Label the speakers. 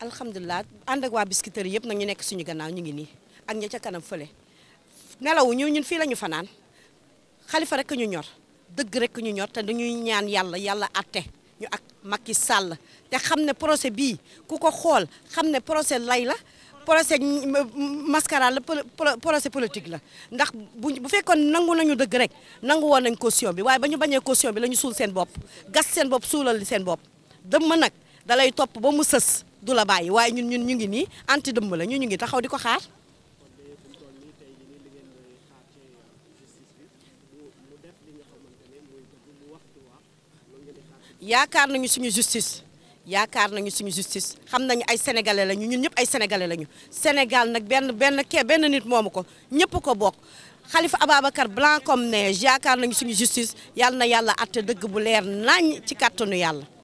Speaker 1: alhamdulilah ànd ak waa biscuiterie yëpp nag ñu nekk suñu gannaaw ñu ngi nii ak ña ca kanam fële nelawu ñu ñun fii la fanaan xalifa rek ñu ñor dëgg rek ñu ñor te dañuy ñaan yàlla yàlla atte ñu ak makki sàll te xam ne procès bii ku ko xool xam ne procès lay la procès mascarade la procès politique la ndax bu bu fekkoon nangu nañu dëgg rek nangu woon nañ caution bi waaye ba ñu bañee caution bi la ñu suul seen bopp gas seen bopp suulal seen bopp dëmm nag mu sës du la bàyyi waaye ñun ñun ñu ngi nii anti dëmb la ñu ñu ngi taxaw di ko xaar. yaakaar nañu suñu justice yaakaar nañu suñu justice xam nañu ay sénégalais lañu ñun ñëpp ay sénégalais lañu Sénégal nag benn benn kee benn nit moomu ko ñëpp ko bokk xalifa Ababacar blanc comme neige yaakaar nañu suñu justice yàlla na yàlla àtte dëgg bu leer nañ ci kàttanu yàlla.